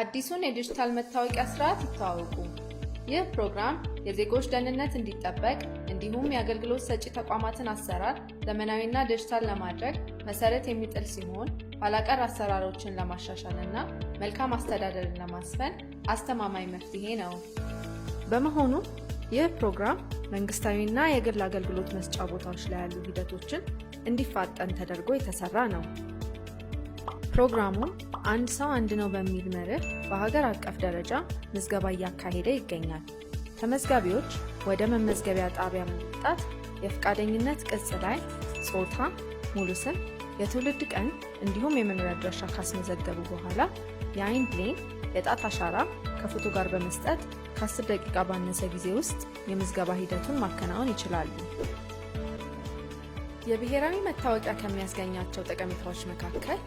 አዲሱን የዲጂታል መታወቂያ ስርዓት ይተዋወቁ። ይህ ፕሮግራም የዜጎች ደህንነት እንዲጠበቅ እንዲሁም የአገልግሎት ሰጪ ተቋማትን አሰራር ዘመናዊና ዲጂታል ለማድረግ መሰረት የሚጥል ሲሆን ኋላቀር አሰራሮችን ለማሻሻል እና መልካም አስተዳደርን ለማስፈን አስተማማኝ መፍትሄ ነው። በመሆኑ ይህ ፕሮግራም መንግስታዊና የግል አገልግሎት መስጫ ቦታዎች ላይ ያሉ ሂደቶችን እንዲፋጠን ተደርጎ የተሰራ ነው። ፕሮግራሙም አንድ ሰው አንድ ነው በሚል መርህ በሀገር አቀፍ ደረጃ ምዝገባ እያካሄደ ይገኛል። ተመዝጋቢዎች ወደ መመዝገቢያ ጣቢያ መምጣት የፍቃደኝነት ቅጽ ላይ ጾታ፣ ሙሉ ስም፣ የትውልድ ቀን እንዲሁም የመኖሪያ ድረሻ ካስመዘገቡ በኋላ የአይን ብሌን፣ የጣት አሻራ ከፎቶ ጋር በመስጠት ከ10 ደቂቃ ባነሰ ጊዜ ውስጥ የምዝገባ ሂደቱን ማከናወን ይችላሉ። የብሔራዊ መታወቂያ ከሚያስገኛቸው ጠቀሜታዎች መካከል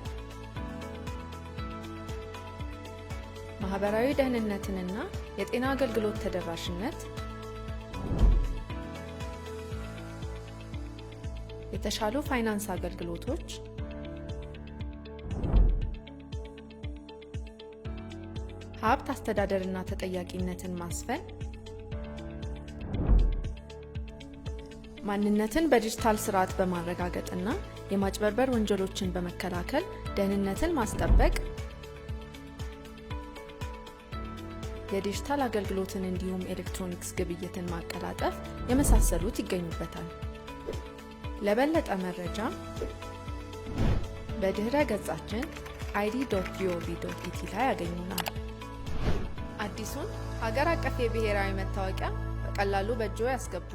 ማህበራዊ ደህንነትንና የጤና አገልግሎት ተደራሽነት፣ የተሻሉ ፋይናንስ አገልግሎቶች፣ ሀብት አስተዳደርና ተጠያቂነትን ማስፈን፣ ማንነትን በዲጂታል ስርዓት በማረጋገጥና የማጭበርበር ወንጀሎችን በመከላከል ደህንነትን ማስጠበቅ የዲጂታል አገልግሎትን እንዲሁም ኤሌክትሮኒክስ ግብይትን ማቀላጠፍ የመሳሰሉት ይገኙበታል። ለበለጠ መረጃ በድኅረ ገጻችን አይዲ ዶት ጂኦቪ ዶት ኢቲ ላይ ያገኙናል። አዲሱን ሀገር አቀፍ የብሔራዊ መታወቂያ በቀላሉ በእጅዎ ያስገቡ።